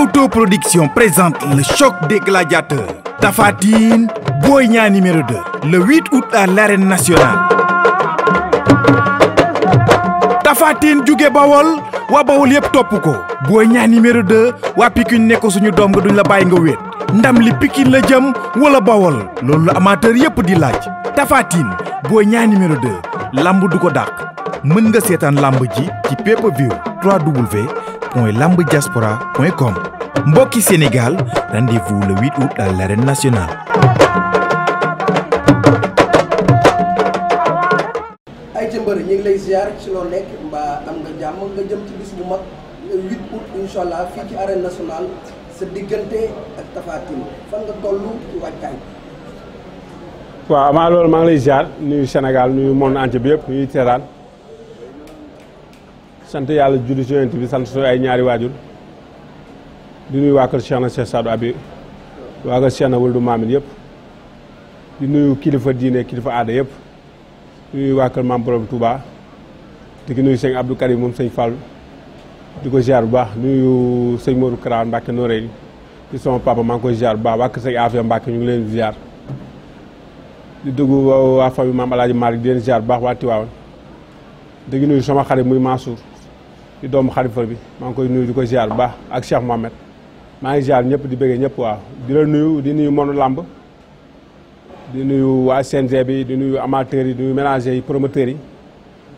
Leewtoo production présente le choc des gladiateurs Tapha numéro 2 le 8 août à l'arène nationale jóge Bawol waa Bawol yëpp topp ko Boy Niang numéro 2 waa Pikine ne suñu doom nga duñ la bàyyi nga wéet ndam li Pikine la jëm wala Bawol loolu amateur yëpp di laaj Tapha Tine Boy Niang numéro du ko dàq mën nga seetaan lamb ji ci pay-per-view 3W point lamb diaspora mbokki Sénégal rendez-vous le 8 août nationale. ay jëmbër ñu ngi lay ziar ci loo nekk mbaa am nga jàmm nga jëm ci bis bu mag le 8 août incha fii ci arène nationale sa diggante ak Tapha fan nga toll ci wàccaay. waaw amaa loolu maa ngi lay ziar nuyu Sénégal nuyu monde entier bi yëpp nuyu Teraan. sant yàlla julli ci yonent bi sant su ay ñaari waajur di nuyu waa kër Cheikh na Cheikh Sadou Abi waa kër Cheikh na Wuldu Maamin yëpp di nuyu kilifa diine kilifa aada yëpp di nuyu waa kër maam borom Touba di ki nuyu sëñ Abdou Karim moom sëñ Fall di ko ziar bu baax nuyu sëñ Modou Kara Mbacke Noreyni di sama papa maa ngi koy ziar waa kër sëñ Afia Mbacke ñu ngi leen di ziar di dugg waa famille maam El Hadj di leen ziar baax waa Tiwaawan di nuyu sama xarit di doomu xalifa bi maa ngi koy nuyu di ko ziar bu baax ak Cheikh Mohamed maa ngi ziar ñëpp di bëggee ñëpp waa di la nuyu di nuyu monu làmb di nuyu waa CNG bi di nuyu amateurs yi di nuyu ménagers yi promoteurs yi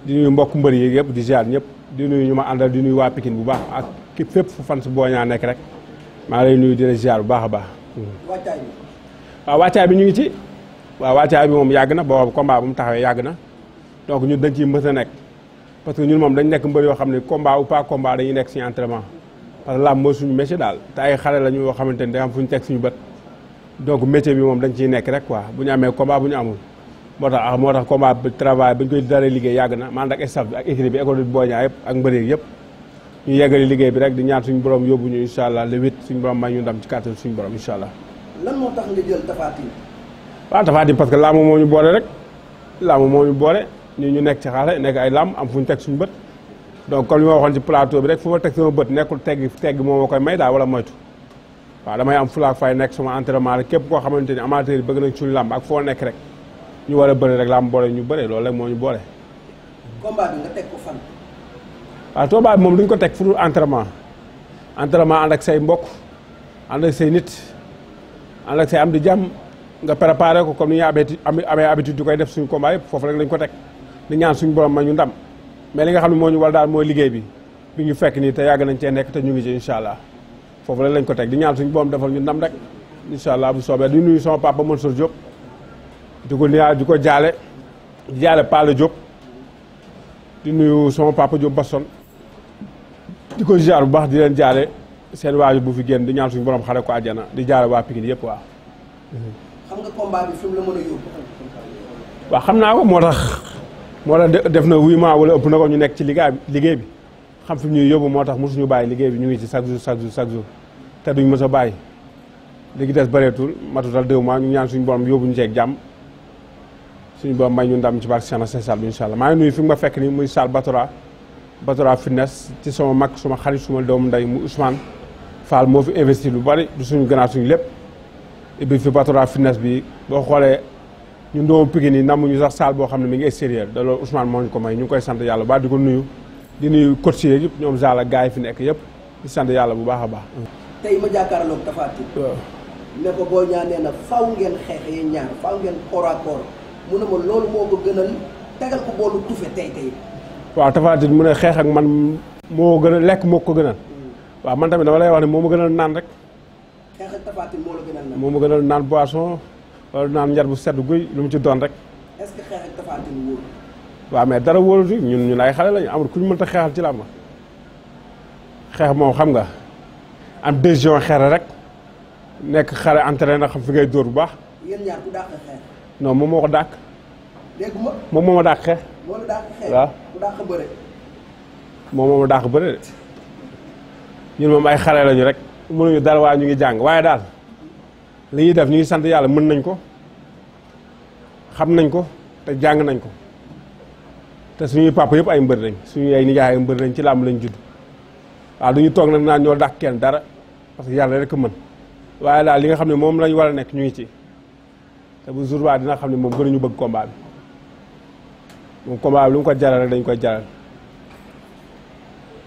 di nuyu mbokk mbër yi yëpp di ziar ñëpp di nuyu ñu ma àndal di nuyu waa Pikine bu baax ak képp fépp fu fan su booñaa nekk rek maa lay nuyu di la ziar bu baax a baax. waa wàccaay bi ñu ngi ci. waaw wàccaay bi moom yàgg na boobu combat bu mu taxawee yàgg na donc ñun dañ ciy nekk. parce que ñun moom dañ nekk mbër yoo xam ne combat ou pas combat dañuy nekk si entraînement parce que làmb mooy ñu yoo xamante ni moom dañ ciy nekk rek quoi bu ñu amee combat bu ñu moo tax ah moo tax combat bi travail bañ koy daree na man ak staff bi ak équipe bi école rek di ñaan suñu borom ñu incha allah le huit suñu borom may ñu ndam ci kàttan suñu borom incha parce que làmb moo ñu boole rek làmb moo ñu boole ñu ñu nekk ci xare nekk ay làmb am fu ñu teg suñu bët donc comme li ma waxoon ci plateau bi rek fu ma teg sama bët nekkul teg teggi moo ma koy may daal wala waaw damay am fulaak fay nekk sama entraînement rek képp koo xamante ni amateur yi bëgg nañ suñu làmb ak foo nekk rek ñu war a bëri rek làmb boole ñu bëri loolu rek moo ko moom duñ ko teg fu dul entraînement entraînement ànd ak say mbokk ànd ak say nit ànd ak say am di jàmm nga préparé ko comme ni ñu amee amee habitude di koy def suñu combat yëpp foofu rek lañ ko teg. di ñaan suñu borom ma ñu ndam mais li nga xam ne moo ñu wal daal mooy liggéey bi bi ñu fekk nii te yàgg nañ cee nekk te ñu ngi ci incha allah foofu lañ lañ ko teg di ñaan suñu borom defal ñu ndam rek incha allah bu soobee di nuyu sama papa Mansour Diop di ko nuyaale di ko jaale di jaale Paala Diop di nuyu sama papa Diop Basson di ko ziar bu baax di leen jaale seen waajur bu fi génn di ñaan suñu borom xare ko àjjana di jaale waa Pikine yëpp waa. xam nga combat bi fi mu la waaw xam moo tax. moo tax def na huit mois wala ëpp na ko ñu nekk ci liggéey liggéey bi xam fi ñuy yóbbu moo tax mosuñu bàyyi liggéey bi ñu ngi ci chaque jour chaque jour te duñ mës a bàyyi léegi des bëreetul matutal deux mois ñu ñaan suñu borom yóbbu ñu ceeg jàmm suñu borom may ñu ndam ci barke Seexna Seex Saaliw incha allah maa ngi nuyu fi ma fekk ni muy Sall Batora Batora fitness ci sama mag suma xarit suma doomu nday mu Ousmane Fall moo fi investi lu bari du suñu gannaaw suñu lépp et puis fi bi boo xoolee ñun doomu Pikine yi namuñu sax saal boo xam ne mi ngi extérieur da loolu Ousmane moo ñu ko may ñu ngi koy sant yàlla ba di ko nuyu di nuyu coach yeeg yëpp ñoom Zala gaay fi nekk yëpp di sant yàlla bu baax a baax. tey ma jàkkaarloog Tapha Tine. ne ko boo ñaanee na faaw ngeen xeex yéen ñaar faaw ngeen corps mu ne ma loolu moo ko gënal tegal ko boolu tufe tey tey. waaw Tapha mu ne xeex ak man moo gën a lekk moo ko gënal. Hmm. waaw man tamit dama lay wax ne moo ma gënal naan rek. xeex ak Tapha naan. moo wala dina am njar bu sedd guy lu mu ci doon rek. est waaw mais dara wóorul ñun ñun ay xale lañu amul ku ñu mënta xeexal ci làmb xeex moom xam nga am décision xeere rek nekk xale entre na xam fi ngay dóor bu baax. yéen ñaar dàq moom moo ko dàq. dégg moom moo ma dàq xeex. moom moo dàq bëre de ñun moom ay xale lañu rek ñu dara waaye ñu ngi jàng waaye daal. li ñuy def ñu ngi sant yàlla mën nañ ko xam nañ ko te jàng nañ ko te suñuy papa yëpp ay mbër lañ suñuy ay nijaay ay mbër lañ ci làmb lañ judd waaw du ñu toog nag naa ñoo dàq kenn dara parce que yàlla rek mën waaye daal li nga xam ne moom lañu war a nekk ñu ngi ci te bu jour ba dina xam ne moom gënuñu bëgg combat bi moom combat bi lu mu ko jaral rek dañ koy jaral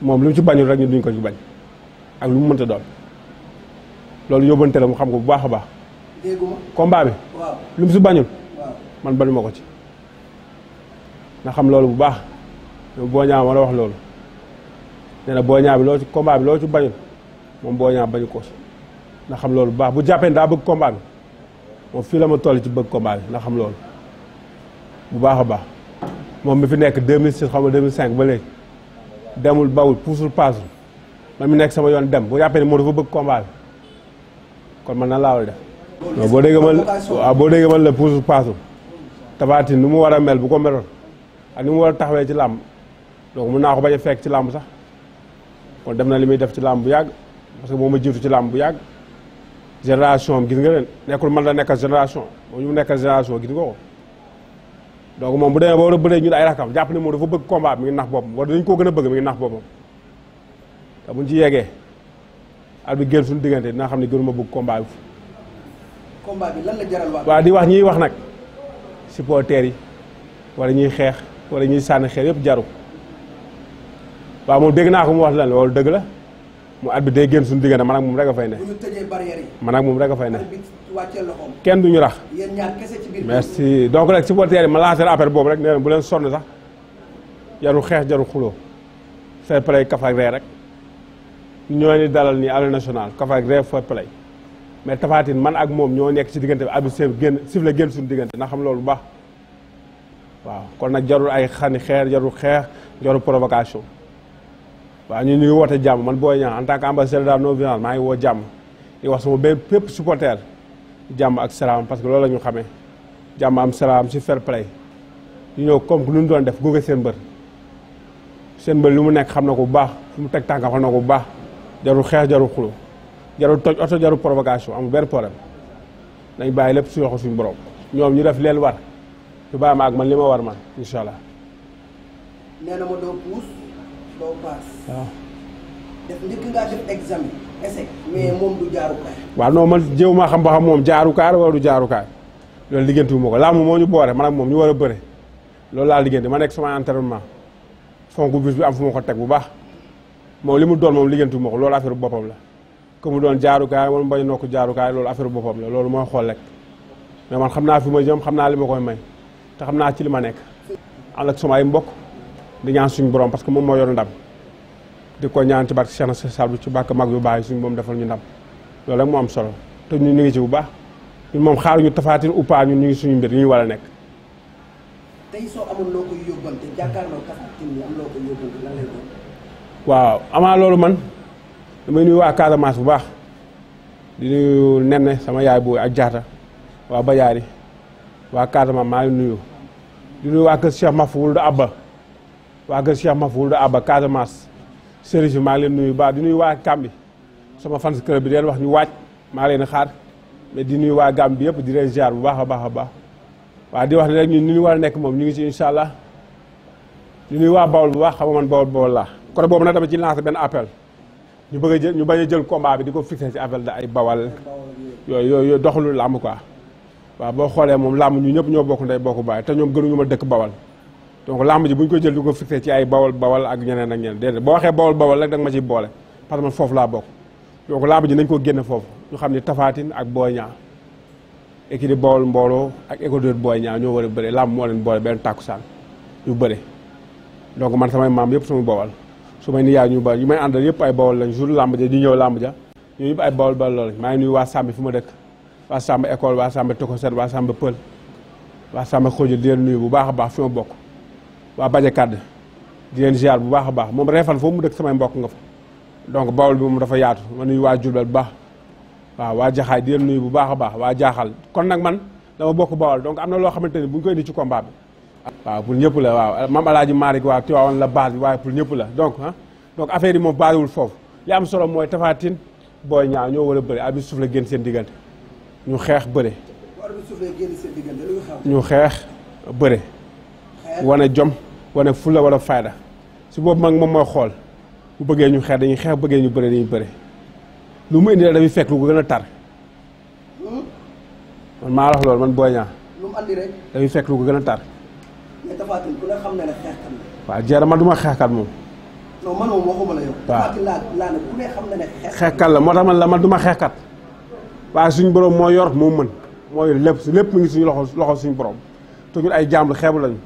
moom lu mu ci bañul rek ñu duñ ko ci bañ ak lu mu mënta doon loolu yóbbante mu xam bu baax a baax. combat bi. waaw lu mu si bañul. man bañu ma ko ci. na xam loolu bu baax ñoom booñaa ma la wax loolu nee na booñaa bi loo ci combat bi loo ci bañul moom booñaa bañu ko ci. na xam loolu bu baax bu jàppee daa bëgg combat bi moom fii la ma toll ci bëgg combat bi na xam loolu bu baax a baax moom mi fi nekk 2006 xam nga 2005 ba léegi demul bawul puusul paasul man mi nekk sama yoon dem bu jàppee ni moo dafa bëgg combat bi kon man na laawal def non boo déggee man waaw boo déggee man la puus paasu Tapha Tine nu mu war mel bu ko meloon a ni mu war a taxawee ci làmb donc mun naa ko bañ a fekk ci làmb sax kon def na li muy def ci làmb bu yàgg parce que moo ma jiitu ci làmb bu yàgg génération am gis nga leen nekkul man la nekkal génération moom ñu nekkal génération gis nga ko donc moom bu demee ba war a ay rakam jàpp ne moom dafa bëgg combat mi ngi nax boppam wala dañ koo gën a bëgg mi ngi nax boppam te buñ ci yeggee at bi gën suñu diggante dinaa xam ne gënuma bëgg combat bi combat waa. di wax ñuy wax nag supporters yi wala ñuy xeex wala ñuy sànni xeer yëpp jaru waa mu dégg naa ko mu wax lan loolu dëgg la mu at bi day génn suñu diggante man ak moom rek fay ne. bu ñu tëjee man ak moom rek fay ne. kenn du ñu rax. yéen ñaar kese merci donc rek supporters yi ma lancé appel boobu rek nee na bu leen sonn sax jarul xeex jarul xulo fair play kaf ak rek ñoo ni dalal nii Arène Nationale kaf ak ree fair mais tafaatin man ak moom ñoo nekk si diggante bi abi sif génn sif la génn suñu diggante na xam loolu bu baax waaw kon nag jarul ay xani xeer jarul xeex jarul provocation waaw ñu ñu woote jàmm man Boy Niang en tant que ambassadeur non violence maa ngi woo jàmm di wax sama bépp pépp supporter jàmm ak salaam parce que loolu la ñu xamee jàmm am salaam ci fair play ñu ñëw comme lu ñu doon def gunge seen mbër seen mbër li mu nekk xam na bu baax fu mu teg tànkam na bu baax jarul xeex jarul xulo jarul toj oto jarul provocation amul benn problème nañ bàyyi lépp si waxu suñu borom ñoom ñu def leen war su baax ma ak man li ma war man incha allah. nee na ma doo puus doo paas. waaw. Ah. def njëkk ngaa def hmm. xam ba xam moom jaarukaay wala du jaarukaay loolu liggantiwu ma ko laamu moo ñu boore man ñu war a bëre loolu laa liggéeyante ma nekk sama entraînement fonk bis bi am fu ma ko teg bu baax moom li mu doon moom liggantiwu moo ko loolu affaire boppam la. que mu doon jaarukaay wala mu bañ a nokk jaarukaay loolu affaire boppam la loolu mooy xool rek mais man xam naa fi ma jëm xam naa li ma koy may te xam naa ci li ma nekk. ànd ak ay mbokk di suñu borom parce que moom moo yor ndam di ko ñaan ci barke Cheikh na Sall ci barke mag yu bàyyi suñu moom defal ñu ndam loolu rek am solo te ñun ñu ngi ci bu baax ñun moom xaaruñu tafaatin ou pas ñun ñu ngi suñu mbir ñu war a loolu man. damay nuyu waa Casamance bu baax di nuyu nen sama yaay bu ak jaata waa Bayaari waa Casamance maa ngi nuyu di nuyu waa kër Cheikh Mafou Wuldu Abba waa kër Cheikh Mafou Wuldu Abba Casamance sëriñ bi maa ngi leen nuyu baax di nuyu waa Kambi sama fans club bi leen wax ñu waaj maa leen xaar mais di nuyu waa gambi bi yëpp di leen ziar bu baax a baax a baax waaw di wax ne rek ni ñu war a nekk moom ñu ngi ci incha allah di nuyu waa Bawol bu baax xam nga man Bawol Bawol laa côté boobu nag dama ñu bëgg a jël ñu bañ jël combat bi di ko fixé ci affaire da ay bawal yooyu yooyu doxalu làmb quoi waaw boo xoolee moom làmb ñu ñëpp ñoo bokk ndey bokk baay te ñoom gënuñu ma dëkk bawal donc làmb ji bu ñu ko jël di ko fixé ci ay bawal bawal ak ñeneen ak ñeneen déedéet boo waxee bawal bawal rek da nga ma boole parce que foofu laa bokk donc làmb ji nañ ko génne foofu ñu xam ni tafaatin ak booy ñaa équipe di bawal mbooloo ak école booy ñaa ñoo war a bëre làmb moo leen boole benn tàkku saan yu bëre donc man samay maam yëpp sama bawal su may niyaay ñu ba ñu may àndal yëpp ay bawol lañ jour làmb ja di ñëw làmb ja ñooñu yëpp ay bawol bawol lañ maa ngi nuyu waa Samb fi ma dëkk waa Samb école waa Samb Tokosen waa Samb Pël waa Samb Xooja di leen nuyu bu baax a baax fi bokk waa Baje Kàdd di leen bu baax a baax moom reefan foofu mu dëkk samay mbokk nga fa donc bawol bi moom dafa yaatu ma nuyu waa Jurbel bu baax waaw waa Jaxaay di leen nuyu bu baax a baax waa Jaaxal kon nag man dama bokk bawol donc am na loo xamante ni bu ñu koy indi ci combat waaw pour ñëpp la waaw mam alaaji Malick waaw Tiwaawan la base bi waaye pour ñëpp la donc ah donc affaire yi moom bariwul foofu li am solo mooy Tapha booy Boy Niang ñoo war a bëri abi suuf la génn seen diggante ñu xeex bëre ñu xeex bëre wane jom wane fulla wala fayda si boobu mag moom mooy xool bu bëggee ñu xeex dañuy xeex bëggee ñu bëre dañuy bëre lu mu indi la dafay fekk lu ko gën a tar hmm? man maa wax loolu man Boy Niang lu dafay fekk lu ko gën a tar mais Tapha Tine ku ne xam na ne xeexkat la. waaw Diarra man ma xeexkat moom. non moom waxuma la yow. waaw Tapha Tine la moo tax man la man du waaye suñu borom moo yor moo mën mooy lépp lépp mu ngi suñu loxo loxo suñu borom te ñun ay jaam lu xeebu lañu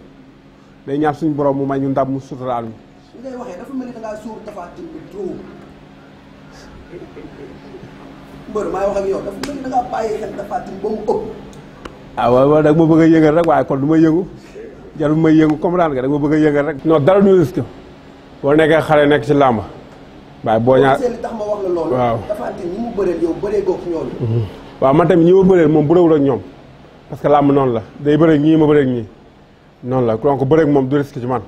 day ñaan suñu borom mu may ñu ndam mu suturaal ñu. li ngay waxee dafa mel ni ngaa suur Tapha Tine bi ak yow mu ëpp. ah waaw waaw nag ma bëgg yëngal rek waaye kon du ma yëngu. jarul may yëngu comprendre nga da nga bëgg a yëngal rek. non dara du risque boo nekkee xale nekk ci làmb waaye boo ñaar loolu. waaw dafa ñi mu bëreel mhm. man tamit ñi ma bëreel moom bëreewul ak ñoom parce que làmb noonu la day bëreeg ñii ma bëreeg ñii noonu la donc bëreeg moom du risque ci man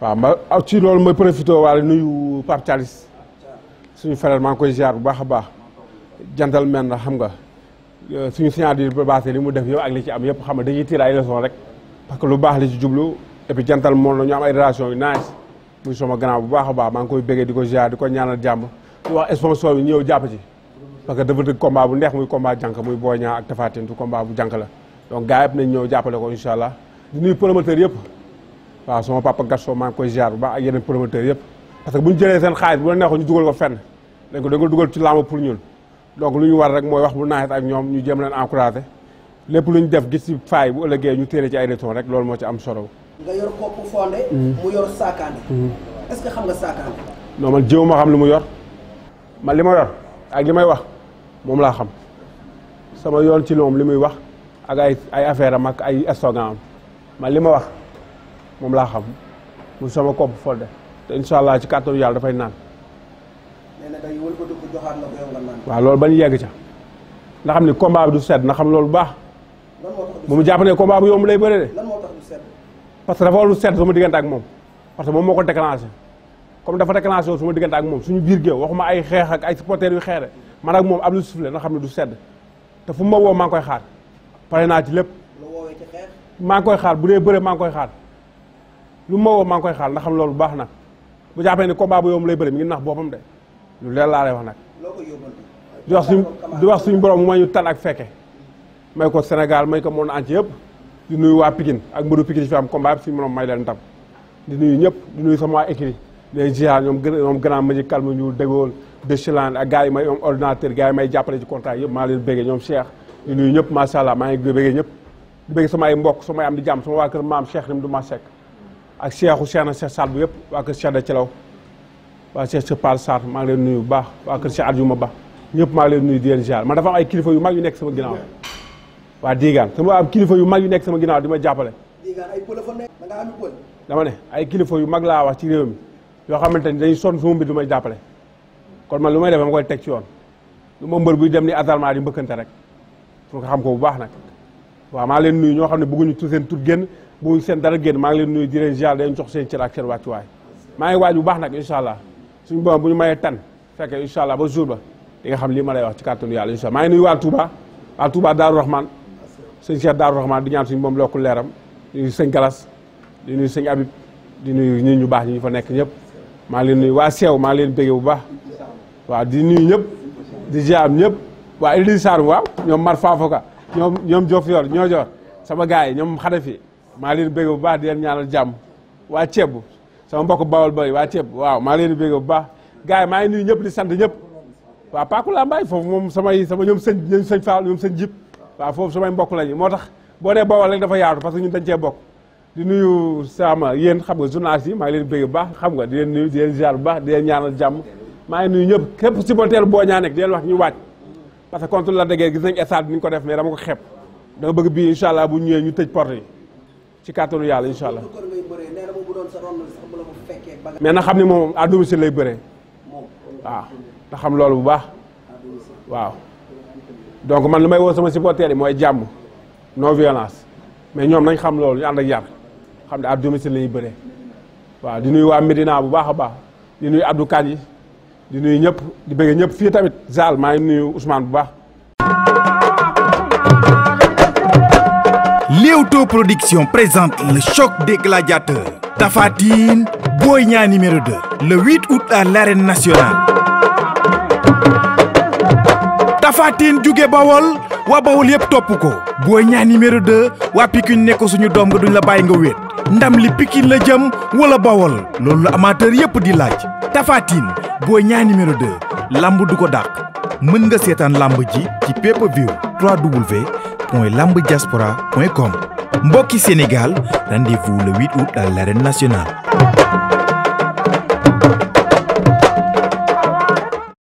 waaw ma ah, ci loolu ma profité waale nuyu Pape Thialis suñu frère maa ngi koy ziar bu baax a baax gentleman la xam nga euh, suñu signature bi basé li mu def yow ak li ci am yëpp xam nga dañuy tiir ay leçon rek. parce que lu baax la ci jublu et puis jantal moom la ñu am ay relation yu nice muy sama gannaaw bu baax a baax maa ngi koy bëggee di ko ziar di ko ñaanal jàmm di wax sponsor bi ñëw jàpp ci parce que dafa dëgg combat bu neex muy combat jànk muy Boy Niang ak Tapha Tine bu jànk la donc gars yëpp nañ ñëw jàppale ko incha allah di nuyu promoteur yëpp waaw sama papa Gaston maa ngi koy ziar bu baax ak yeneen promoteur yëpp parce que bu ñu jëlee seen xaalis bu la neexoon ñu dugal ko fenn dañ ko dañ ko dugal ci làmb pour ñun donc lu ñu war rek mooy wax bu naaxet ak ñoom ñu jéem leen lépp lu ñu def gis ci faay bu ëllëgee ñu téere ci ay leçon rek loolu moo ci am solo. nga mm-hmm. mm-hmm. man jiw ma xam lu mu yor man li ma yor ak li may wax moom laa xam sama yoon ci moom li muy wax ak ay affaire am ak ay slogan am man li ma wax moom laa xam mu sama kopp fondé te incha ci kàttanu yàlla dafay naan. nee waaw loolu ba ñu yegg ca nga xam ni combat bi du sedd na xam loolu bu baax. bu mu jàpp ne combat bu yomb lay bëre de. lan parce que dafa war lu sedd sama diggante ak moom parce que moom moo ko déclenché comme dafa déclenché woon ma diggante ak moom suñu biir géew waxuma ay xeex ak ay supporters yu xeere man ak moom ab lu sufle na xam ne du sedd te fu ma woo maa ngi koy xaar pare naa ci lépp. maa ngi koy xaar bu dee bëre maa ngi koy xaar lu ma woo maa ngi koy xaar ndax xam loolu baax na bu jàppee ne combat bu yomb lay bëre mi ngi nax boppam de lu leer laa lay wax nag. loo koy yóbbal di wax suñu borom ma ñu tan ak may ko Sénégal may ko monde entier yëpp di nuyu waa Pikine ak mbëru Pikine fi am combat bi suñu morom may leen nuyu ñëpp di nuyu sama waa écrit les ziar ñoom ñoom grand maji kalma ñu déggoon Deschilane ak gars yi may ordinateur gars yi jàppale ci yëpp maa leen béggee ñoom ñëpp macha allah maa ngi béggee ñëpp sama ay mbokk samay jàmm sama waa kër maam Cheikh ni du ma sekk ak Cheikhou Cheikh na yëpp waa kër Cheikh da Thielaw waa maa leen nuyu bu baax waa kër Cheikh Adjuma Ba ñëpp maa ngi leen nuyu di leen ziar man dafa ay kilifa yu mag yu nekk sama ginnaaw waa diigaan sama am kilifa yu mag yu nekk sama ginnaaw di ma jàppale. diigaan ay dama ne ay kilifa yu mag laa wax ci réew mi yoo xamante ni dañuy son sama mbir du may jàppale kon man lu may def ma koy teg ci yoon lu ma mbër buy dem ni asalmaa di mbëkkante rek pour nga xam ko bu baax nag waaw maa leen nuyu ñoo xam ne bëgguñu tu seen tur génn bëgguñu seen dara génn maa ngi leen nuyu di leen ziar dañu jox seen cër ak seen wàccuwaay maa ngi waaj bu baax nag incha allah suñu borom bu ñu mayee tan fekkee incha ba jour ba nga xam lii ma lay wax ci kàttanu yàlla incha allah maa ngi nuyu waa Touba waa Touba Daaru sëñ Cheikh Daaru Rahman di ñaan moom lokku leeram di nuyu sëñ Galas di sëñ di nuyu ñi ñu baax ñi fa nekk ñëpp maa leen nuyu waa seew maa leen bége bu baax waaw di nuyu ñëpp di ñëpp waa Ili Saarum ñoom Mar Fafoka ñoom ñoom Diofior ñoo joor sama gars yi ñoom Xadafi maa leen bége bu baax di leen ñaanal jàmm waa ceeb sama mbokk Bawol Boy waa ceeb waaw maa leen bége bu baax gars yi maa ngi nuyu ñëpp di sant ñëp waa Paku Lambaay foofu moom samay sama ñoom sëñ ñoom sëñ Fall ñoom sëñ Jib waaw foofu samay mbokk lañu moo tax boo nee Bawol rek dafa yaatu parce que ñun dañ cee bokk di nuyu sama yéen xam nga journaliste yi maa ngi leen bëgg bu baax xam nga di leen nuyu di leen ziar bu baax di leen ñaanal jàmm maa ngi nuyu ñëpp képp supporter boo ñaa nekk di leen wax ñu waaj parce que contre la dégee gis nañ stade bi ni ñu ko def mais dama ko xeeb dama bëgg bii incha allah bu ñëwee ñu tëj porte yi ci kàttanu yàlla incha allah mais na xam ne moom à domicile lay bëree waaw xam loolu bu baax donc man lu may woo sama supporters yi mooy jàmm non violence mais ñoom nañ xam loolu ñu ànd ak yar xam ne à domicile la ñuy bëree waaw di nuyu waa Médina bu baax a baax di nuyu Abdou Kane yi di nuyu ñëpp di bëgg ñëpp fii tamit Zal maa ngi nuyu Ousmane bu baax. Leewtoo production présente le choc des gladiateurs. Tapha Tine Boy numéro 2. le 8 août à l'arène nationale. Fatin jóge Bawol waa Bawol yëpp topp ko Boy Niang numéro 2 waa Pikine ne suñu doom nga duñ la bàyyi nga wéet ndam li Pikine la jëm wala Bawol loolu la amateur yëpp di laaj Tafatin Boy Niang numéro 2 lamb du ko dàq mën nga seetaan lamb ji ci pay-per-view www.lambdiaspora.com mbokki Sénégal rendez-vous le 8 août à l'arène nationale